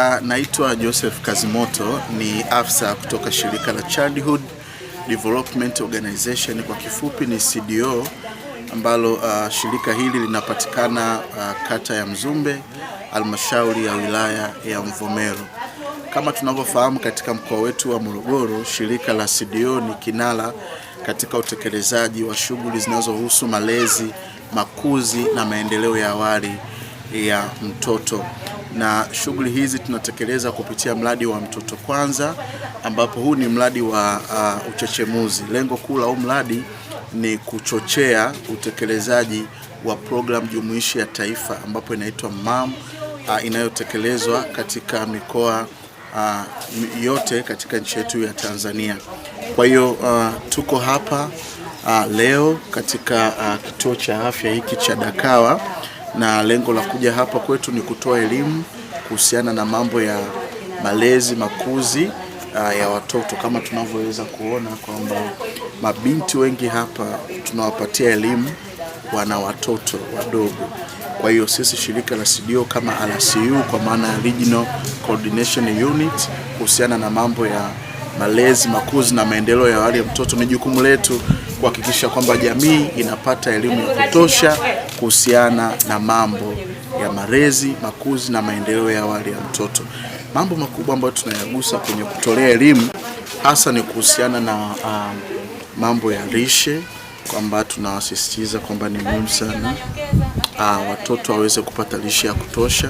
Uh, naitwa Joseph Kazimoto ni afisa kutoka shirika la Childhood Development Organization kwa kifupi ni CDO ambalo uh, shirika hili linapatikana uh, kata ya Mzumbe halmashauri ya wilaya ya Mvomero. Kama tunavyofahamu katika mkoa wetu wa Morogoro, shirika la CDO ni kinara katika utekelezaji wa shughuli zinazohusu malezi, makuzi na maendeleo ya awali ya mtoto na shughuli hizi tunatekeleza kupitia mradi wa Mtoto Kwanza, ambapo huu ni mradi wa uh, uchechemuzi. Lengo kuu la huu mradi ni kuchochea utekelezaji wa programu jumuishi ya taifa ambapo inaitwa MAM uh, inayotekelezwa katika mikoa uh, yote katika nchi yetu ya Tanzania. Kwa hiyo uh, tuko hapa uh, leo katika uh, kituo cha afya hiki cha Dakawa na lengo la kuja hapa kwetu ni kutoa elimu kuhusiana na mambo ya malezi, makuzi Uh, ya watoto kama tunavyoweza kuona kwamba mabinti wengi hapa tunawapatia elimu wana watoto wadogo. Kwa hiyo sisi shirika la CDO kama RCU kwa maana ya Regional Coordination Unit, kuhusiana na mambo ya malezi, makuzi na maendeleo ya awali ya mtoto, ni jukumu letu kuhakikisha kwamba jamii inapata elimu ya kutosha kuhusiana na mambo ya malezi, makuzi na maendeleo ya awali ya mtoto. Mambo makubwa ambayo tunayagusa kwenye kutolea elimu hasa ni kuhusiana na uh, mambo ya lishe, kwamba tunawasisitiza kwamba ni muhimu sana uh, watoto waweze kupata lishe ya kutosha,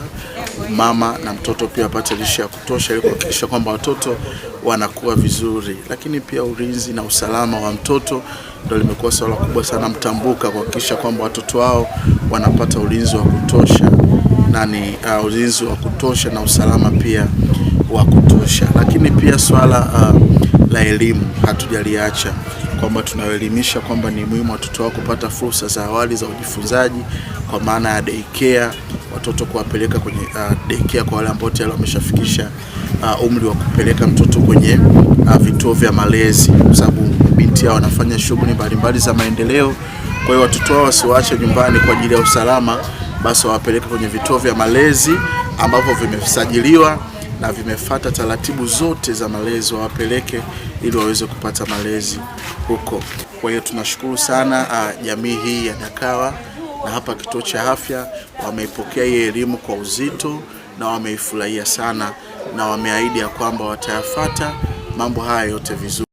mama na mtoto pia apate lishe ya kutosha ili kuhakikisha kwamba watoto wanakuwa vizuri, lakini pia ulinzi na usalama wa mtoto ndo limekuwa swala kubwa sana mtambuka, kuhakikisha kwamba watoto wao wanapata ulinzi wa kutosha na ni uh, ulinzi wa kutosha na usalama pia wa kutosha, lakini pia swala uh, la elimu hatujaliacha, kwamba tunawaelimisha kwamba ni muhimu watoto wao kupata fursa za awali za ujifunzaji kwa maana ya daycare, watoto kuwapeleka kwenye uh, daycare kwa wale ambao tayari wameshafikisha uh, umri wa kupeleka mtoto kwenye uh, vituo vya malezi, kwa sababu binti yao wanafanya shughuli mbalimbali za maendeleo. Kwa hiyo watoto wao wasiwaache nyumbani kwa ajili ya usalama, basi wawapeleke kwenye vituo vya malezi ambavyo vimesajiliwa na vimefata taratibu zote za malezi, wawapeleke ili waweze kupata malezi huko. Kwa hiyo tunashukuru sana ah, jamii hii ya Dakawa na hapa kituo cha afya wameipokea hii elimu kwa uzito na wameifurahia sana, na wameahidi ya kwamba watayafata mambo haya yote vizuri.